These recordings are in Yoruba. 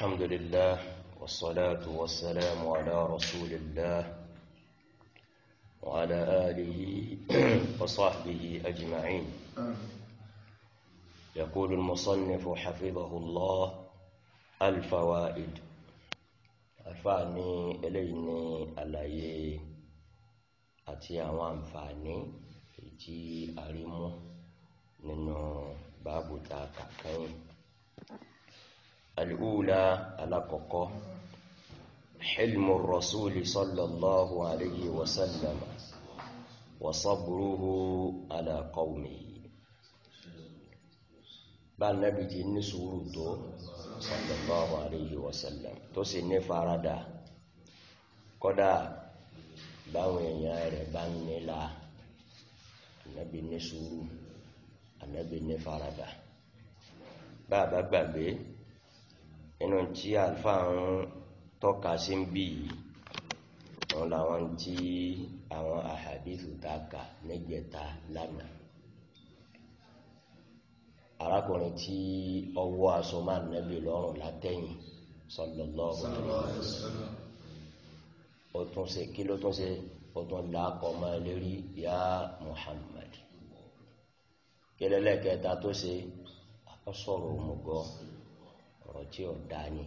الحمد لله والصلاة والسلام على رسول الله وعلى آله وصحبه أجمعين يقول المصنف حفظه الله الفوائد أفاني إليني علي أتي أوان فاني تي أريمو ننو باب تاكا كين الأولى على كوكو حلم الرسول صلى الله عليه وسلم وصبره على قومه bá nàbì ti ní sùúrù tó sallallahu alayhi wa sallam tó sì ní farada kódà báwọn èèyàn rẹ̀ bá ń nílà ànábì ní sùúrù ànábì ní farada bá a bá gbàgbé nínú tí àlùfáà ń tọ́ka sí ń bì yìí wọn làwọn tí àwọn àhàdíìsì tá a kà níjẹta lánàá arákùnrin tí ọwọ́ aṣọ máa nẹ́bí lọ́rùn látẹ̀yìn sallallahu alaihi wasallam ó tún ṣe kí ló tún ṣe ó tún làákọ̀ máa lérí yá Muhammad kí lẹ́lẹ́kẹta tó ṣe ó sọ̀rọ̀ nǹkan tí ò dáa ni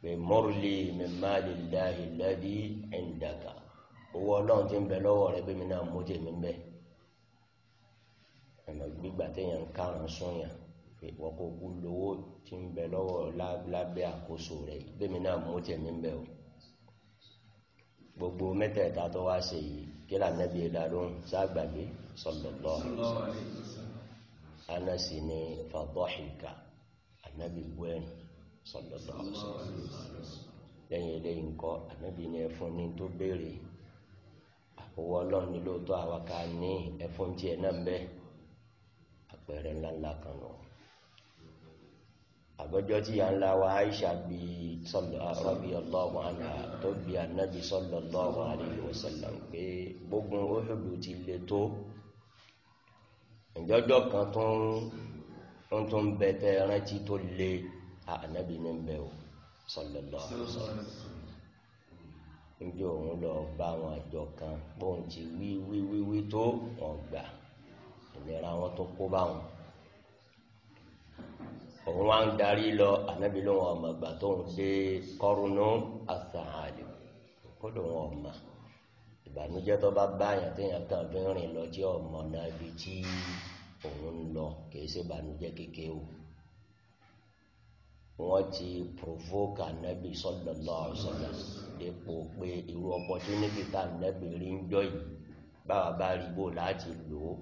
pé mọ́rùlì mẹ́màlì láhi lẹ́bí ẹ̀ǹdàkà owó ọlọ́run ti ń bẹ lọ́wọ́ rẹ bí mi náà mú tèmi ń bẹ ọ̀nà gbígbà téèyàn ń kárùn sóyàn wọ́n kò kú lówó ti ń bẹ lọ́wọ́ lábẹ́ àkóso rẹ bí mi náà mú tèmi ń o gbogbo mẹ́tẹ̀ẹ̀ta tó wá ṣe yìí kí lànàbí ẹ̀dá ló ń anasi ni fàbọ́hìkà ànábì bú ẹ̀rìn sọ̀dọ̀dọ̀ lẹ́yìn eléyìí nǹkan ànábì ni ẹ̀fún ni tó béèrè àpòwọ́ ọlọ́run ni lóòótọ́ àwa ká ní ẹ̀fún tiẹ̀ náà ń bẹ àpẹẹrẹ ńláńlá kan nù. àgbọ́jọ́ tí ya ńlá wa Aisha bí radiyallahu anha tó bí ànábì sallallahu alayhi wa sallam pé gbógun Uhud ti le tó ìjọ́jọ́ kan tó ń ń tún bẹ tẹ rántí tó le ànábì ní bẹ o sallallahu alaihi wasallam níbi òun lọ bá àwọn àjọ kan bóun ti wí wí wí wí tó wọn gbà ìlera wọn tó kó báwọn òun wá ń darí lọ ànábì ló wọn ọmọ ìgbà tóun dé kọrùnú àsàhàlì kódò wọn ọmọ ìbànújẹ́ tó bá bá àyàn téèyàn kan rìn lọ jẹ ọmọ náà ibi tí òun ń lọ kìí ṣe ìbànújẹ́ kékeré o wọ́n ti provoke anabi sallallahu alaihi wasallam dépò pé irú opportunity tá anabi rí ń jọ yìí báwa bá rí bó láti lò ó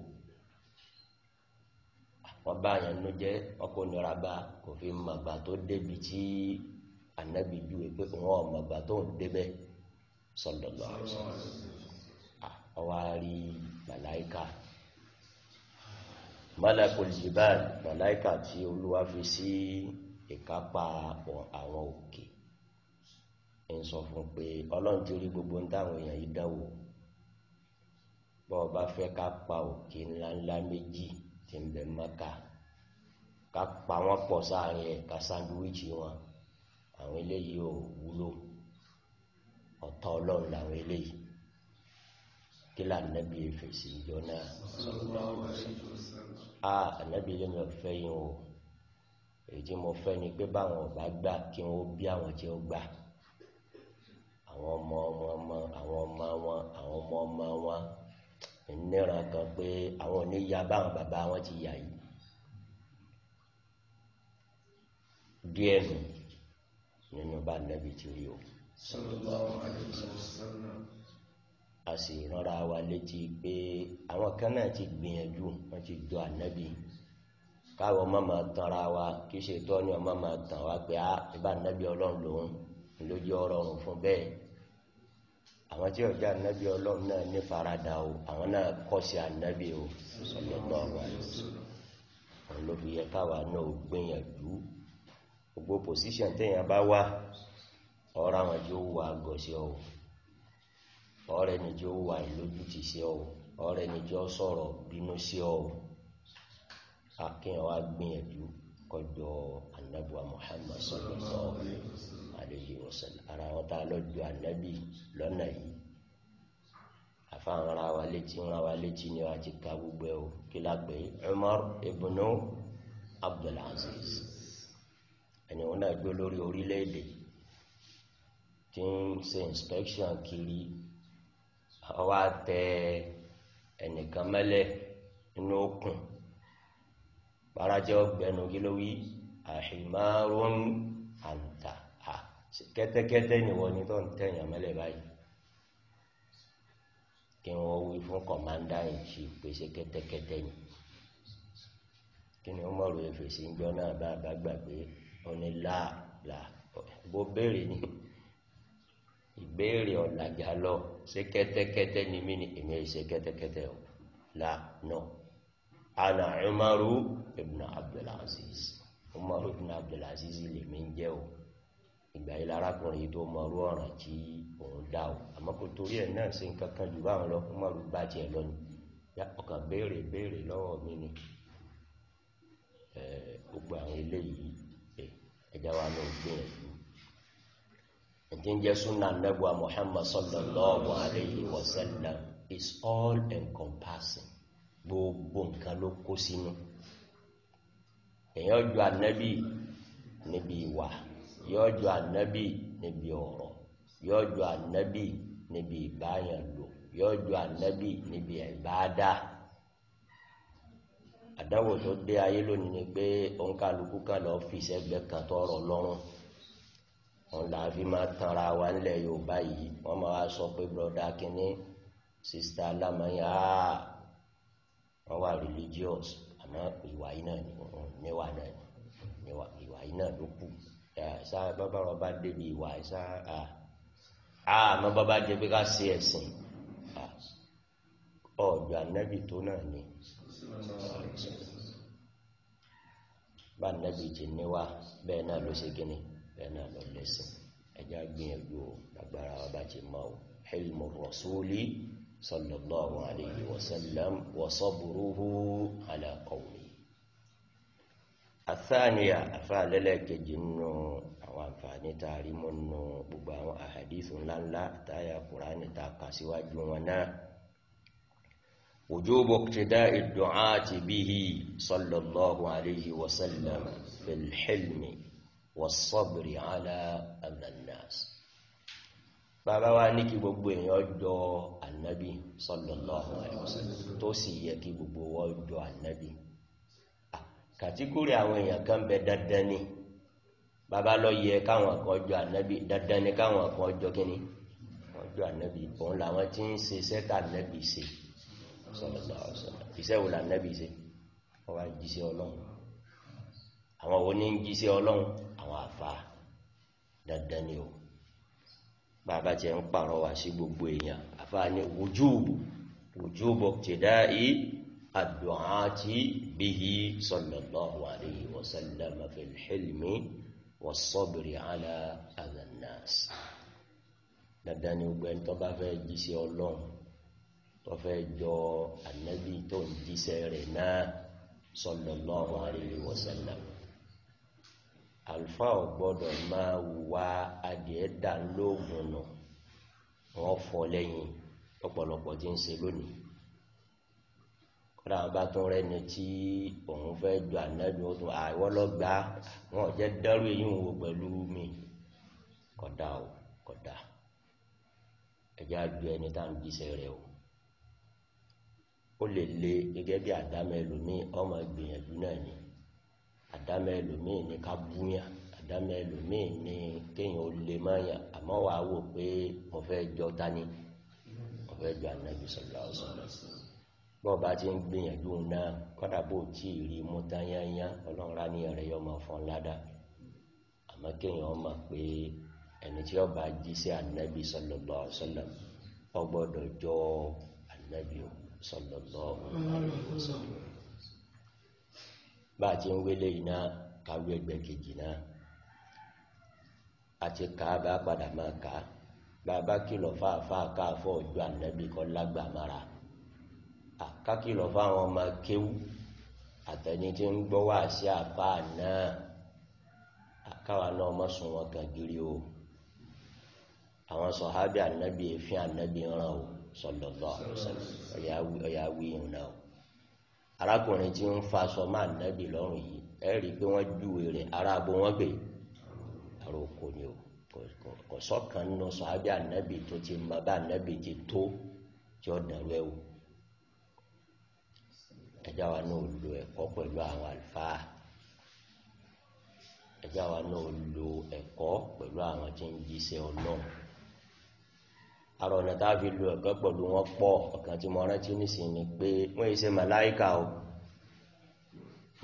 wọ́n bá yẹn nu jẹ́ ọkọ̀ nira bá kò fi màgbà tó débi tí anabi ju pé òun ọ̀ màgbà tó ń débẹ̀ sallallahu alaihi wasallam ọwọ́ àárí màláìka malakul jibal màláìkà tí olúwa fi sí ìkápá àwọn òkè ń sọ fún pé ọlọ́run ti rí gbogbo ń táwọn èèyàn yìí dánwò bọ́ ọ bá fẹ́ ká pa òkè ńláńlá méjì tí ń bẹ mọ́ká ká pa wọ́n pọ̀ sáàrin ẹ̀ ká wọn àwọn eléyìí ò wúlò ọ̀tá ọlọ́run làwọn eléyìí kila anabi efesi jona a anabi lè mi fẹ́ yín o èyí mo fẹ́ ni pé báwọn ọba gbà kí wọn ó bí àwọn tí ó gbà àwọn ọmọ ọmọ ọmọ àwọn ọmọ wọn àwọn ọmọ ọmọ wọn ìníran kan pé àwọn oníyà báwọn bàbá wọn ti yà yìí díẹ̀ nù nínú bá anabi ti rí o. sallallahu alaihi wasallam a sì rọra wa létí pé àwọn kan náà ti gbìyànjú wọ́n ti jọ ànábì káwọ ọmọ máa tanra wa kí ṣètò ni ọmọ máa tàn wá pé á ìbá ànábì ọlọ́run lòun lójú ọ̀rọ̀ ọ̀run fún bẹ́ẹ̀ àwọn tí ọjà ànábì ọlọ́run náà ní farada o àwọn náà kọ́ sí ànábì o sọlọ́gbọ́n wa òun ló fi yẹ káwa náà gbìyànjú gbogbo pòsíṣàn téèyàn bá wà ọ̀rọ̀ àwọn tí ó wà gọ̀ọ́sẹ̀ o ọ̀rẹ́ ni jẹ́ ó wà lójú ti sí ọ ọ̀rẹ́ ni ó sọ̀rọ̀ bínú sí ọ akéèyàn wá gbìyànjú kọjọ anabuwa Muhammad sallallahu alayhi wa sallam ara wọn tá a anabi lọ́nà yìí àfa àwọn wa létí ńlá wa létí ni wàá ti ka gbogbo ẹ o kí la Umar ibn Abdul Aziz ẹni wọn náà gbé lórí orílẹ̀-èdè tí ń ṣe inspection kiri ọwọ́ àtẹ ẹnìkan mẹ́lẹ̀ inú okùn bàrájẹ́ ọgbẹ́nu kí ló wí àhìmárún àǹtà kẹ́tẹ́kẹ́tẹ́ nìwọ ni tó ń tẹ̀yàn mẹ́lẹ̀ báyìí kí wọ́n wí fún kọ̀mándà yìí ṣe pèsè kẹ́tẹ́kẹ́tẹ́ ni kí ni wọ́n mọ̀rọ̀ èfèsì ń jọ náà bá gbàgbé onílàlà bó béèrè ni ìbéèrè ọ̀làjà lọ ṣé kẹ́tẹ́kẹ́tẹ́ ni mí ni èmi ṣe kẹ́tẹ́kẹ́tẹ́ o la no ana umaru ibn abdulaziz umaru ibn abdulaziz lèmi ń jẹ́ o ìgbà yìí lárakùnrin tó mọrú ọ̀ràn tí òun dá o àmọ́ kò torí ẹ̀ náà ṣe nǹkan kan jù báwọn lọ umaru bá tiẹ̀ lọ ni ọkàn béèrè béèrè lọ́wọ́ mi ni gbogbo àwọn eléyìí ẹ̀já wa náà gbìyànjú ẹ̀dínjẹ́ súnà nẹ́gbà Muhammad sallallahu alayhi wa sallam is all encompassing gbogbo nǹkan ló kó sínú èèyàn jọ ànábì níbi ìwà yóò jọ ànábì níbi ọ̀rọ̀ yóò jọ ànábì níbi ìbáyàn lò yóò jọ ànábì níbi ìbáadá àdáwò tó dé ayé lónìí ni pé òǹkàlùkù kan lọ fi sẹ́gbẹ̀ẹ́ kan tọrọ lọ́rùn òun là fi máa tanra wa ńlẹ̀ yorùbá yìí wọ́n máa wá sọ pé broda kínní sista alámọ̀yìn áá wọ́n wà religious àmọ́ ìwà yìí náà níwà náà níwà ìwà yìí náà ló kù ṣá bàbá wọn bá débi ìwà ṣá àmọ́ bàbá jẹ pé ká ṣe ẹ̀sìn ọ̀dọ̀ ànábì tó náà ni bá ànábì jẹ níwà bẹ́ẹ̀ náà ló ṣe kíni bẹ́ẹ̀ náà lọ lẹ́sìn ẹjá gbìyànjú o lágbára wa bá ti mọ́ o hilmu rasuli sallallahu alayhi wa sallam wa sabruhu ala qawli athaniya afaalẹ́lẹ́kejì nínú àwọn àǹfààní tá a rí mú gbogbo àwọn àhàdíìsì ńláńlá àtàyà kùránì tá kà síwájú wọn náà وجوب اقتداء الدعاة به صلى الله عليه وسلم في الحلم wọ́sọ̀bìrì àlà àmàlànàs. bàbá wa ní kí gbogbo èèyàn jọ ànábì sallallahu alaihi wasallam tó sì yẹ kí gbogbo wọn jọ ànábì. kàtíkórì àwọn èèyàn kan bẹ dandan ni bàbá lọ yẹ káwọn kan jọ ànábì dandan ni káwọn kan jọ kínní wọn jọ ànábì òun làwọn tí ń ṣe sẹ́tà ànábì ṣe sallallahu alaihi wasallam iṣẹ́ wo làǹnábì ṣe wọ́n wá jíṣẹ́ ọlọ́run àwọn wo ní ń jíṣẹ́ ọlọ́run àwọn àfa dandan ni o bàbá tiẹ̀ ń pàrọwà sí gbogbo èèyàn àfa ni wùjúùbù wùjúùbù tìdá yìí àdùnàtì bíhi sallallahu alayhi wa sallam fil hilmi was-sabri ala adhan-nas dandan ni gbẹ́ni tó bá fẹ́ jíṣẹ́ ọlọ́run tó fẹ́ jọ ànábì tó ń jíṣẹ́ rẹ̀ náà sallallahu alayhi wa sallam àlùfáà ò gbọ́dọ̀ máa wùwà adìẹ dà lóògùn nù wọ́n fọ lẹ́yìn ọ̀pọ̀lọpọ̀ tí ń ṣe lónìí kódà bá tún rẹni tí òun fẹ́ ju ànábi ó tún àìwọ́ lọ́gbà wọn ò jẹ́ dárú èyí ń wo mi kódà o kódà ẹjẹ́ àjọ ẹni tá à ń jíṣẹ́ rẹ o ó lè le gẹ́gẹ́ bí àdámẹ́lòmíì ọmọ ìgbìyànjú náà ni àdámọ́ ẹlòmíì ní ká búyàn àdámọ́ ẹlòmíì ní kéèyàn ó lè má yàn àmọ́ wàá wò pé mo fẹ́ jọ tani mo fẹ́ jọ ànábì sallallahu alaihi wasallam bọ́ọ̀bá ti ń gbìyànjú náà kọ́dà bó tí ì rí mú tán yányán ọlọ́run rání ẹ̀rẹ́ yọ máa fọ́n ládà àmọ́ kéèyàn mọ̀ pé ẹni tí ọba jí sí ànábì sallallahu alaihi wasallam ó jọ ànábì sallallahu alaihi wasallam bá a ti ń wélé iná kàwé ẹgbẹ́ kejì náà àti ká bá a padà máa kà á bàbá kìlọ̀ fáfáà káfọ́ ọjọ́ ànábì kọ́ lágbàmára àkákìlọ̀ fáwọn ọmọ kéwú àtẹni tí ń gbọ́ wá sí àfáà náà àkáwà náà mọ́ sùn wọn kàn gírí o àwọn sọ̀hábì ànábì èéfín ànábì ń ràn o sallallahu alaihi wasallam ọ̀yà wíyùn o arákùnrin tí ń faṣọ máa nẹ́bì lọ́rùn yìí ẹ rí i pé wọ́n júwe rẹ̀ ará abo wọn gbé àrò kò ní o kò sọ́kàn nínú sàábì ànẹ́bì tó ti mọ bá ànẹ́bì ti tó tí ó dẹ̀rú ẹ̀ wò ẹjá wa náà lo ẹ̀kọ́ pẹ̀lú àwọn àlùfáà ẹjá wa náà lo ẹ̀kọ́ pẹ̀lú àwọn tí ń jíṣẹ́ ọlọ́run àrò ọ̀nà tá a fi lu ẹ̀kọ́ pẹ̀lú wọn pọ̀ ọ̀kan tí mo rántí nísìnyí ni pé wọ́n yìí ṣe màláìka o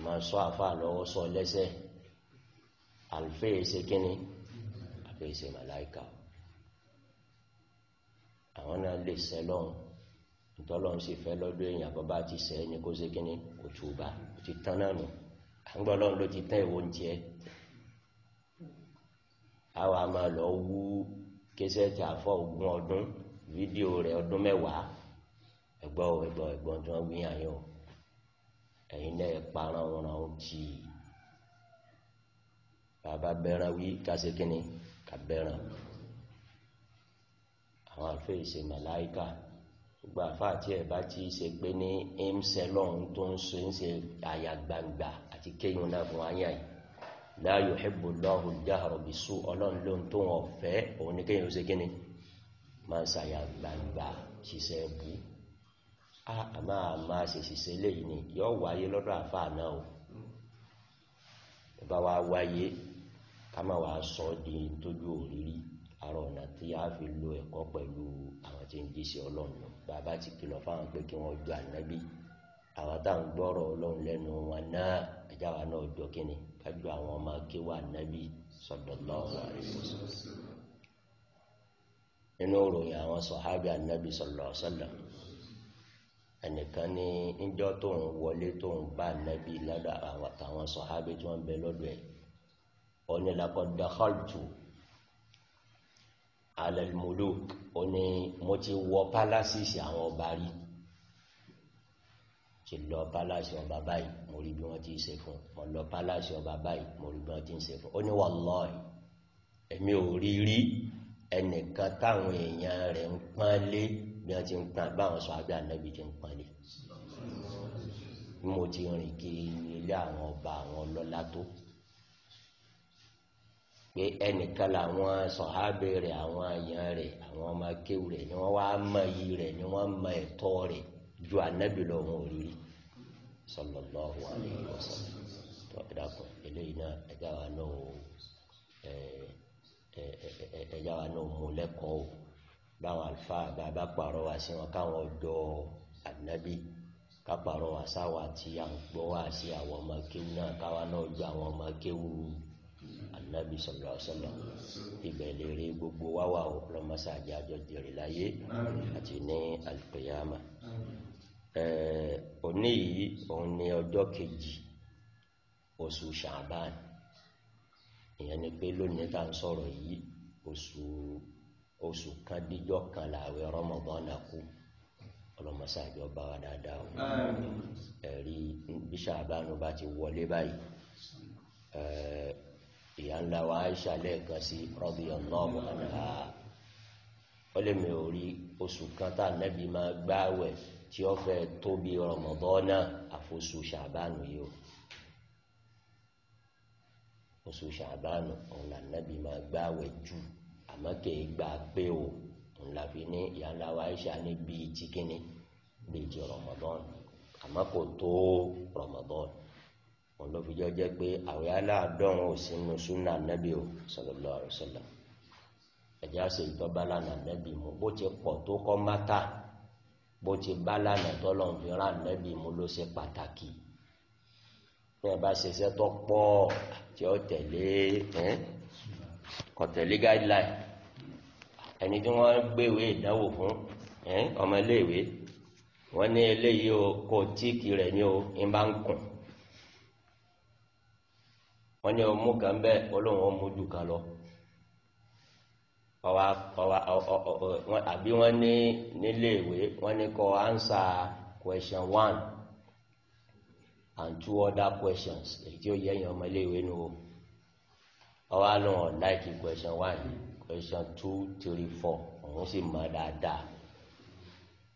màá sọ àfa lọ́wọ́ sọ lẹ́sẹ̀ àlùfẹ́ yìí ṣe kínní àfẹ́ yìí ṣe màláìka o àwọn náà lè ṣẹ lọ́hùn ntọ́lọ́hún sì fẹ́ lọ́dún èèyàn bọ́bá ti ṣẹ́ ẹni kó ṣe kínní kò tù bá kò ti tán náà nù à ń gbọ́ lọ́hùn ló ti tán ìwọ́n tiẹ̀ àwa máa lọ wú késẹ́tì àfọ ogún ọdún fídíò rẹ̀ ọdún mẹ́wàá ẹ̀gbọ́n o ẹ̀gbọ́n ẹ̀gbọ́n tí wọ́n wíyàn yín o ẹ̀yin náà parán wọn náà ó jì í bàbá bẹ́ran wí kásẹ̀ kínní kà bẹ́ran àwọn àfẹ́yìsẹ màláìka gbogbo àfáà tí ẹ bá ti ṣe pé ní ẹ̀ńsẹ̀ tó ń ṣe ń ṣe àyà gbangba àti kéyìn náà fún ayé yìí la yuhibbu Allahu al-jahra bis-su ọlọ́run ló ń tó wọn fẹ́ òun ní kéèyàn ó ṣe kíni máa ń ṣàyà gbangba ṣiṣẹ́ bú a máa máa ṣe ṣiṣẹ́ léyìí ni yóò wáyé lọ́dọ̀ àfáà náà o bá wa wáyé ká má wàá sọ di tójú òrírí àrò ọ̀nà tí a fi lo ẹ̀kọ́ pẹ̀lú àwọn tí ń jíṣẹ́ ọlọ́run bàbá ti kìlọ̀ fáwọn pé kí wọ́n ju ànábì àwọn táwọn gbọ́rọ̀ ọlọ́run lẹ́nu wọn náà jáwa náà jọ kíni kájú àwọn ọmọ kéwà nábì sallallahu alaihi wasallam nínú ìròyìn àwọn sọ̀hábì ànábì sallallahu alaihi wasallam ẹnìkan ní níjọ́ tóun wọlé tóun bá ànábì lọ́dọ̀ àwọn àtàwọn sọ̀hábì tí wọ́n bẹ lọ́dọ̀ ẹ̀ òní laqad dakhaltu ala al-muluk òní mo ti wọ pálásìsì àwọn ọba rí ti lọ pálásì ọba báyìí mo rí bí wọ́n ti ṣe fún mo lọ pálásì ọba báyìí mo rí bí wọ́n ti ń ṣe fún ó ní wàlọ́ọ̀ì èmi ò rí rí ẹnìkan táwọn èèyàn rẹ̀ ń pánlé bí wọ́n ti ń pán báwọn sọ abẹ́ ànábì ti ń pánlé mo ti rìn kiri ilé àwọn ọba àwọn ọlọ́lá tó pé ẹnìkan làwọn sọ̀hábẹ́ rẹ̀ àwọn èèyàn rẹ̀ àwọn ọmọ akéwù rẹ̀ ni wọ́n wá mọ iyì rẹ̀ ni wọ́n mọ ẹ̀tọ́ rẹ̀ ju ànábì lọ òun ò rí rí sallallahu alaihi wasallam tó wà dàpọ̀ eléyìí náà ẹ̀já wa náà ò ẹ̀já wa náà mú lẹ́kọ̀ọ́ o báwọn àlùfáà bá bá pààrọ̀ wá sí wọn káwọn ọ̀dọ́ ànábì ká pààrọ̀ wá sáwà tí à ń sí àwọn ọmọ kéwú náà káwa náà ju àwọn ọmọ kéwú anabi sọlọ sọlọ ìbẹ̀lẹ̀rẹ̀ gbogbo wáwà ọ̀pọ̀lọmọsáàjá àjọ jèrè láyé àti ní alìkòyàmà Eh, òní yìí òun ni ọjọ́ kejì oṣù ṣàbán ìyẹn ni pé lónìí tá à ń sọ̀rọ̀ yìí oṣù oṣù kan díjọ́ kan làwẹ̀ Ramadan kú ọlọmọsáàjọ bá wa dáadáa o ẹ̀rí bí ṣàbán bá ti wọlé báyìí eh, ìyá ńlá wa Aisha lẹ́ẹ̀kan sí radiyallahu anha ó lè mi oṣù kan tá à nẹ́bí máa gbáwẹ̀ tí ó fẹ́ tóbi rọmọdọ́nà àfoṣù ṣàbánu yìí o oṣù ṣàbánu òun là nàbì máa gbáwẹ̀ jù àmọ́ kìí gbà pé o òun là fi ní ìyáńlá wa Aisha ní bíi chikini bíi ti rọmọdọ́nà àmọ́ kò tó rọmọdọ́nà òun ló fi jọ jẹ́ pé àwọn aláàdọ́run ò sínú súnà nàbì o sallallahu alaihi wasallam ẹ̀já ṣe ìtọ́ba lánàá nàbì mú bó ti pọ̀ tó kọ́ mátà bó ti bá lànà tọ́lọ́run fi rán ànábì mú ló ṣe pàtàkì bí wọn bá ṣiṣẹ́ tó pọ̀ tí ó tẹ̀lé kò tẹ̀lé guideline ẹni tí wọ́n gbéwèé ìdánwò fún ọmọ iléèwé wọ́n ní eléyìí o kò tíìkì rẹ̀ ní o ń bá ń kùn wọ́n ní ọmú kan bẹ́ẹ̀ olóhùn ọmú jù kan lọ ọwà ọwà àbí wọ́n ní nílé ìwé wọ́n ní kọ́ answer question one and two other questions èyí tí ó yẹ èèyàn ọmọ ilé ìwé nu o ọwà lóun ọ̀ like question one question two three four òun sì mọ̀ dáadáa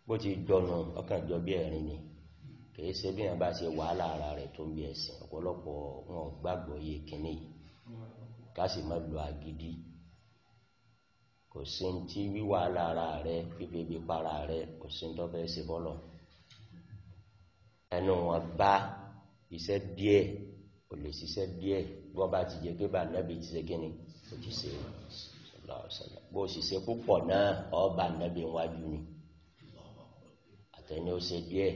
bó ti dọnu ọkàn jọ bí ẹ̀rín ni kìí ṣe bí yẹn bá ṣe wàhálà ara rẹ̀ tó ń bí ẹ̀sìn ọ̀pọ̀lọpọ̀ wọn ò gbàgbọ́ yé kínní yìí ká sì má lo agídí kò sí ní tí wíwà lára rẹ fífi ibi para rẹ kò sí ní tó fẹ́ ṣe bọ́lọ̀ ẹnu wọn bá iṣẹ́ díẹ̀ kò lè ṣiṣẹ́ díẹ̀ bó bá ti jẹ́ pé bànẹ́bí ti ṣe kíni kò ti ṣe bó sì ṣe púpọ̀ náà ọba ànẹ́bí wájú ni àtẹni ó ṣe díẹ̀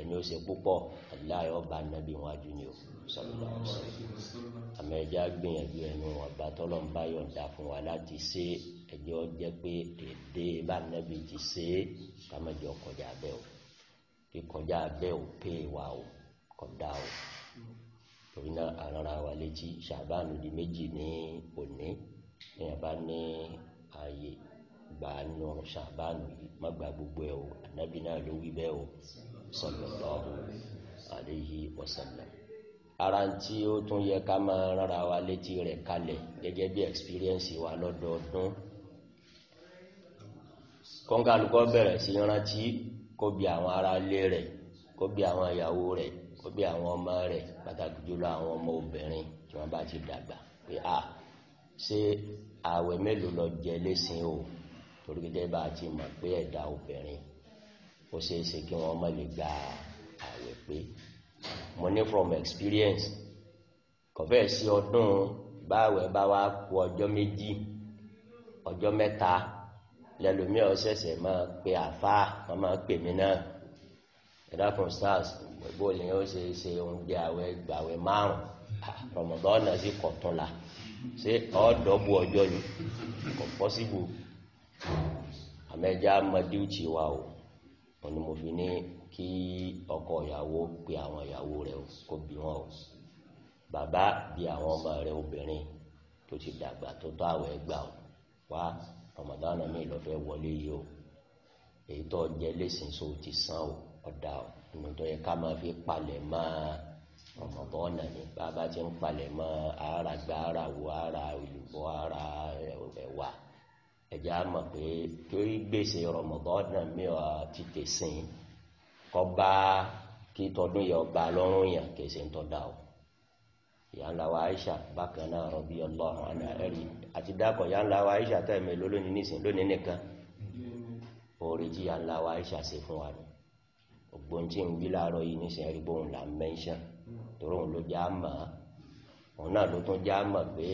ẹni ó ṣe púpọ̀ aláì ọba nàbí wájú ni o sọlọ ọsẹ àmẹjá gbìyànjú ẹnu ọba tọlọ ń bá yọ̀ǹda fún wa láti ṣe ẹjọ́ jẹ́ pé èdè bá nàbí ti ṣe é kàmẹjọ kọjá abẹ o kíkọjá abẹ o pé wa o kódà o torí náà arara wa létí ṣàbánu di méjì ní òní èèyàn bá ní ààyè gbà nù ṣàbánu yìí má gba gbogbo ẹ o ànábì náà ló wí bẹ́ẹ̀ o sallallahu alayhi wa sallam ara tí ó tún yẹ ká máa rárá wa létí rẹ̀ kalẹ̀ gẹ́gẹ́ bí experience wa lọ́dọọdún kọ́ńkàlùkọ́ bẹ̀rẹ̀ sí rántí kó bí àwọn ará ilé rẹ̀ kó bí àwọn ìyàwó rẹ̀ kó bí àwọn ọmọ rẹ̀ pàtàkì jùlọ àwọn ọmọ obìnrin tí wọ́n bá ti dàgbà pé a ṣe ààwẹ̀ mélòó lọ jẹ lẹ́sìn o torí gẹ́gẹ́ bá a ti mọ̀ pé ẹ̀dá obìnrin ó ṣeé ṣe kí wọ́n má lè gba àwẹ̀ pé mo ní from experience kò fẹ́ẹ̀ sí ọdún báwẹ̀ bá wá ku ọjọ́ méjì ọjọ́ mẹ́ta lẹ́lòmíì ọ̀sẹ̀sẹ̀ máa pe àfa wọ́n máa pè mí náà ẹ̀dá kan sars gbogbo ni ó ṣe ṣe oúnjẹ àwẹ̀ gbàwẹ̀ márùn-ún rọmọdọ́nà sí kọ̀túnla ṣé ọ̀ọ́dọ́gbù ọjọ́ ni kò pọ́síbù àmẹ́jà mọ wa o wọn ni mo fi ní kí ọkọ ìyàwó pe àwọn ìyàwó rẹ̀ kó bí wọn o bàbá bí àwọn ọmọ rẹ̀ obìnrin tó ti dàgbà tó tó àwẹ̀ gbà o wá Ramadan mi lọ fẹ́ wọlé yìí o èyí tó jẹ lẹ́sìn so ti san o ọ̀dà o ìnù tó yẹ ká máa fi palẹ̀ máa Ramadan ni bàbá ti ń palẹ̀ mọ́ ara gbà ara wo ara olùbọ́ ara ẹ̀wà. E, ẹ̀já mọ̀ pé torí gbèsè rọmọdọ́nà mìíràn ti tẹ̀sìn kọ́ bá kí tọdún yẹ ọba lọ́rùn yàn kèsè ń tọ́da o ìyá Aisha bákan náà rọbí Ọlọ́run àná ẹ̀rí àti dákọ̀ ìyá ńlá wa Aisha tẹ́ mi lólónìí lónìí nìkan orí tí ìyá Aisha ṣe fún wa ni ògbón tí ń wí láàárọ̀ yìí nísìn ẹ̀rí bóun là ń mẹ́ńṣán torí òun ló já mọ̀ ọ́ òun náà ló tún já mọ̀ pé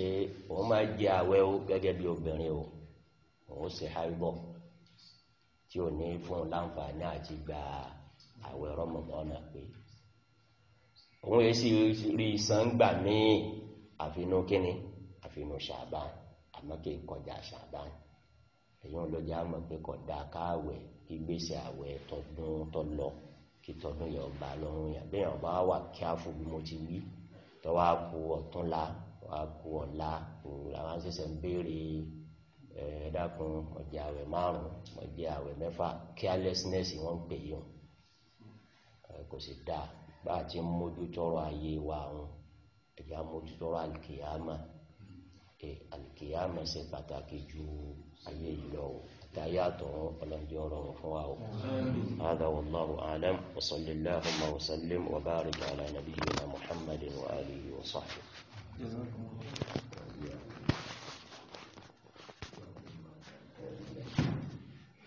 òun máa jẹ àwẹ̀ o gẹ́gẹ́ bí obìnrin o òun ṣe háìbọ̀ tí ò ní fún un láǹfààní àti gba àwẹ̀ rọmọdọ́nà pé òun yìí sì rí san gbà míì àfinú kíni àfinú ṣàbán àmọ́ kí n kọjá ṣàbán èyí ló jẹ́ àmọ́ pé kọ̀dá káàwẹ̀ ìgbésẹ̀ àwẹ̀ tọdún tọlọ kí tọdún yẹn ọba lọ́rùn yẹn bẹ́ẹ̀ ọba wà kí á bí mo ti wí tọ́wọ́ á ku ọ̀túnla wàá ku ọ̀la òun làwọn ṣẹ̀ṣẹ̀ ń béèrè ẹ̀ẹ́dàkùn ọjà àwẹ̀ márùn-ún ọjà àwẹ̀ mẹ́fà carelessness wọ́n ń pè yí wọn kò sì dáa bá a ti ń mójútọ́rọ̀ ayé wa wọn ẹ̀yà mójútọ́rọ̀ alìkìyàmà alìkìyàmà ṣe pàtàkì ju ayé yìí lọ o àtàyàtọ̀ ọlọ́njẹ́ ọ̀rọ̀ fún wa o hada wallahu alam wa sallallahu wa sallim wa barik ala nabiyyina muhammadin wa alihi wa sahbihi